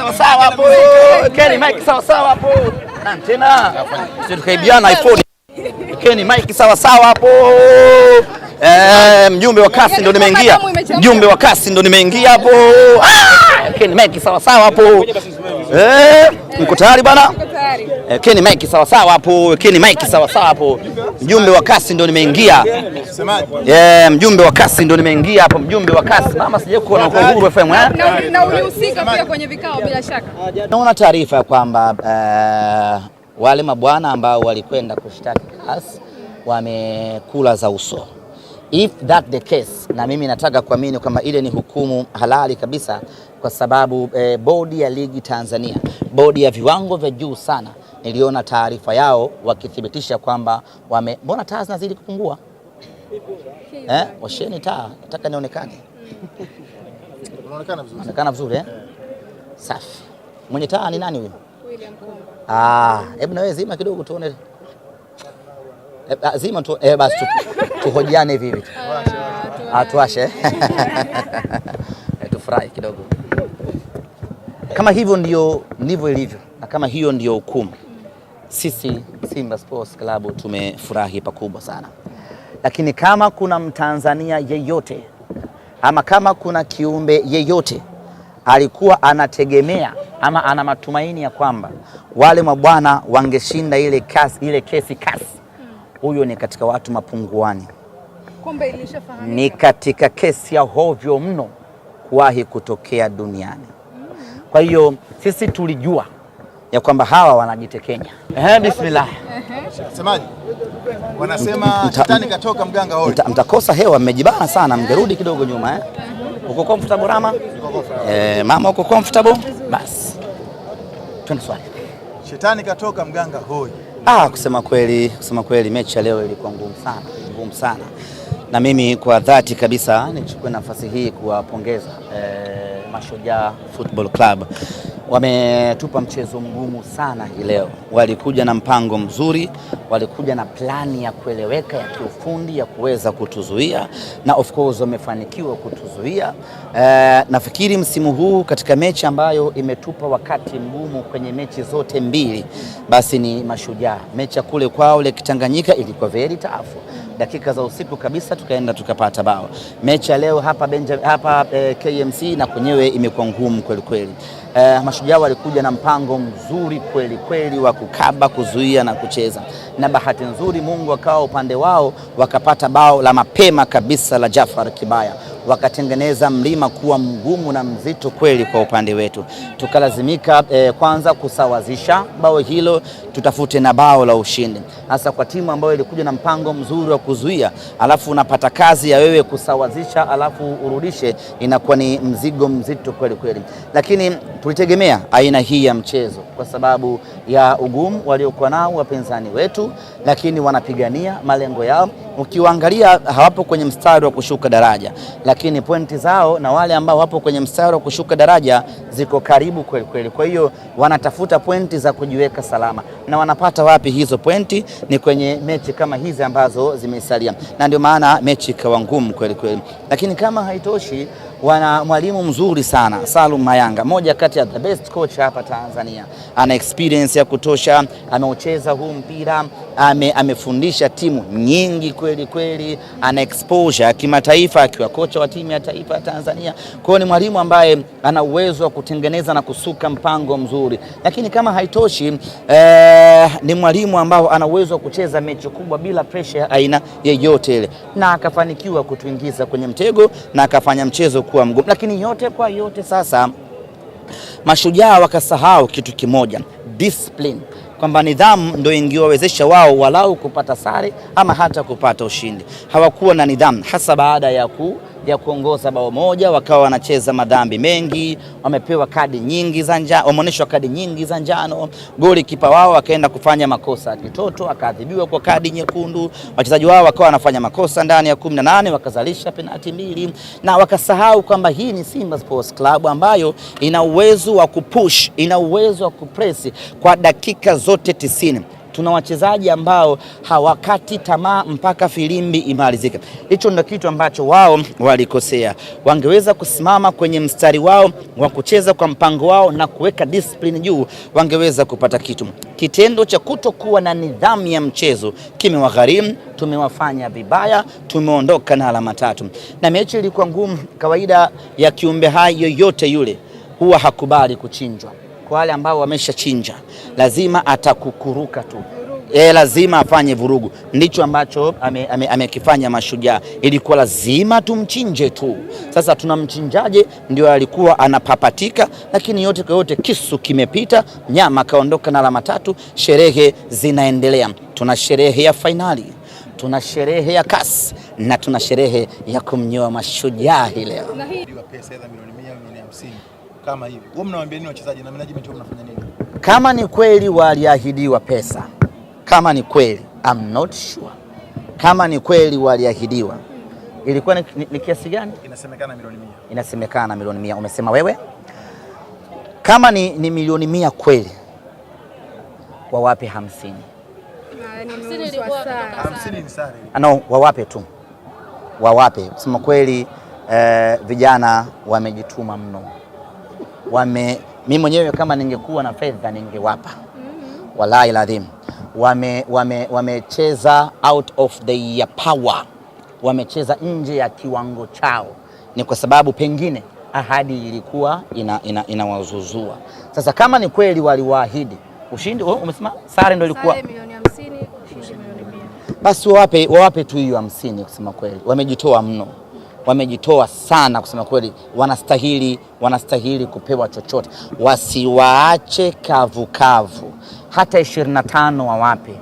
Sawasawa hapo. sawasawa hapo. Eh, mjumbe wa kasi ndo nimeingia. Mjumbe wa kasi ndo nimeingia hapo. Ah! Keni Mike sawasawa hapo. Eh, mko tayari bana? Wekeni Mike sawa sawa hapo, wekeni Mike sawa sawa hapo. Mjumbe wa kasi ndo nimeingia, yeah, mjumbe wa kasi ndo nimeingia hapo, mjumbe wa kasi mama, kuona eh? na Uhuru FM eh, na ulihusika pia kwenye vikao bila shaka. Naona taarifa kwamba uh, wale mabwana ambao walikwenda kushtaki kasi wamekula za uso. If that the case, na mimi nataka kuamini kwamba ile ni hukumu halali kabisa, kwa sababu eh, bodi ya ligi Tanzania, bodi ya viwango vya juu sana niliona taarifa yao wakithibitisha kwamba wame, mbona taa zinazidi kupungua eh? Washeni taa, nataka nionekane onekana vizuri eh? Safi. Mwenye taa ni nani huyo? Ah, hebu nawe zima kidogo tuone. E, zima tu, eh, basi tuhojiane hivi hivi. Ah, tuashe ah, eh, tufurahi kidogo. Kama hivyo ndio ndivyo ilivyo, na kama hiyo ndio hukumu sisi Simba Sports Club tumefurahi pakubwa sana, lakini kama kuna Mtanzania yeyote ama kama kuna kiumbe yeyote alikuwa anategemea ama ana matumaini ya kwamba wale mabwana wangeshinda ile kasi, ile kesi kasi, huyo ni katika watu mapunguani. Kumbe ilishafahamika, ni katika kesi ya hovyo mno kuwahi kutokea duniani. Mm. Kwa hiyo sisi tulijua ya kwamba hawa wanajitekenya. Eh, bismillah. Semaji wanasema shetani katoka mganga hoi. Mtakosa hewa, mmejibana sana, mgerudi kidogo nyuma eh. Mm-hmm. Uko comfortable Rama? Eh, mama uko comfortable? Bas. Twende swali. Shetani katoka mganga hoi. Ah, kusema kweli, kusema kweli mechi ya leo ilikuwa ngumu sana, ngumu sana. Na mimi kwa dhati kabisa nichukue nafasi hii kuwapongeza eh, Mashujaa Football Club Wametupa mchezo mgumu sana hii leo. Walikuja na mpango mzuri, walikuja na plani ya kueleweka ya kiufundi ya kuweza kutuzuia na of course wamefanikiwa kutuzuia. E, nafikiri msimu huu katika mechi ambayo imetupa wakati mgumu kwenye mechi zote mbili basi ni Mashujaa. Mechi ya kule kwao Lake Tanganyika ilikuwa very tough dakika za usiku kabisa, tukaenda tukapata bao. Mechi ya leo hapa, Benja, hapa e, eh, KMC na kwenyewe imekuwa ngumu kweli kweli. E, Mashujaa walikuja na mpango mzuri kweli kweli wa kukaba, kuzuia na kucheza, na bahati nzuri Mungu akawa upande wao, wakapata bao la mapema kabisa la Jafar Kibaya wakatengeneza mlima kuwa mgumu na mzito kweli kwa upande wetu, tukalazimika e, kwanza kusawazisha bao hilo, tutafute na bao la ushindi, hasa kwa timu ambayo ilikuja na mpango mzuri wa kuzuia, alafu unapata kazi ya wewe kusawazisha, alafu urudishe, inakuwa ni mzigo mzito kweli kweli, lakini tulitegemea aina hii ya mchezo kwa sababu ya ugumu waliokuwa nao wapinzani wetu, lakini wanapigania malengo yao. Ukiwaangalia hawapo kwenye mstari wa kushuka daraja lakini lakini pointi zao na wale ambao wapo kwenye mstari wa kushuka daraja ziko karibu kweli kweli. Kwa hiyo wanatafuta pointi za kujiweka salama, na wanapata wapi hizo pointi? Ni kwenye mechi kama hizi ambazo zimesalia, na ndio maana mechi ikawa ngumu kweli kweli, lakini kama haitoshi wana mwalimu mzuri sana Salum Mayanga, moja kati ya the best coach hapa Tanzania. Ana experience ya kutosha, ameocheza huu mpira ame, amefundisha timu nyingi kweli kweli, ana exposure kimataifa akiwa kocha wa timu ya taifa ya Tanzania. Kwa hiyo ni mwalimu ambaye ana uwezo wa kutengeneza na kusuka mpango mzuri, lakini kama haitoshi eh, ni mwalimu ambao ana uwezo wa kucheza mechi kubwa bila pressure ya aina yeyote ile, na akafanikiwa kutuingiza kwenye mtego na akafanya mchezo kuwa mgumu, lakini yote kwa yote, sasa mashujaa wakasahau kitu kimoja, discipline, kwamba nidhamu ndio ingewawezesha wao walau kupata sare ama hata kupata ushindi. Hawakuwa na nidhamu hasa baada ya ku ya kuongoza bao moja, wakawa wanacheza madhambi mengi, wamepewa kadi nyingi za njano, wameonyeshwa kadi nyingi za njano. Goli kipa wao akaenda kufanya makosa ya kitoto, akaadhibiwa kwa kadi nyekundu. Wachezaji wao wakawa wanafanya makosa ndani ya 18 wakazalisha penati mbili, na wakasahau kwamba hii ni Simba Sports Club ambayo ina uwezo wa kupush, ina uwezo wa kupress kwa dakika zote tisini tuna wachezaji ambao hawakati tamaa mpaka filimbi imalizike. Hicho ndio kitu ambacho wao walikosea. Wangeweza kusimama kwenye mstari wao wa kucheza kwa mpango wao na kuweka discipline juu, wangeweza kupata kitu. Kitendo cha kutokuwa na nidhamu ya mchezo kimewagharimu, tumewafanya vibaya, tumeondoka na alama tatu, na mechi ilikuwa ngumu. Kawaida ya kiumbe hai yoyote yule huwa hakubali kuchinjwa. Kwa wale ambao wameshachinja, lazima atakukuruka tu E, lazima afanye vurugu. Ndicho ambacho amekifanya ame, ame Mashujaa. Ilikuwa lazima tumchinje tu. Sasa tunamchinjaje? Ndio alikuwa anapapatika, lakini yote kwa yote kisu kimepita, nyama kaondoka na alama tatu. Sherehe zinaendelea, tuna sherehe ya fainali, tuna sherehe ya kasi na tuna sherehe ya kumnyoa Mashujaa hii leo kama hivi. Wewe mnawaambia nini wachezaji na management, wewe mnafanya nini? Kama ni kweli waliahidiwa pesa, kama ni kweli I'm not sure, kama ni kweli waliahidiwa ilikuwa ni, ni, ni kiasi gani? Inasemekana milioni mia. Inasemekana milioni mia. Umesema wewe kama ni, ni milioni mia kweli wawape hamsini. Ah, no, wawape tu wawape. sema kweli eh, vijana wamejituma mno wame mimi mwenyewe kama ningekuwa na fedha ningewapa mm -hmm. Wallahi ladhim wamecheza wame, wamecheza out of the power, wamecheza nje ya kiwango chao. Ni kwa sababu pengine ahadi ilikuwa inawazuzua ina, ina sasa. Kama ni kweli waliwaahidi ushindi, oh, umesema sare ndio ilikuwa basi, wawape tu hiyo hamsini. Kusema kweli wamejitoa mno wamejitoa sana kusema kweli, wanastahili wanastahili kupewa chochote, wasiwaache kavukavu. Hata 25 wawape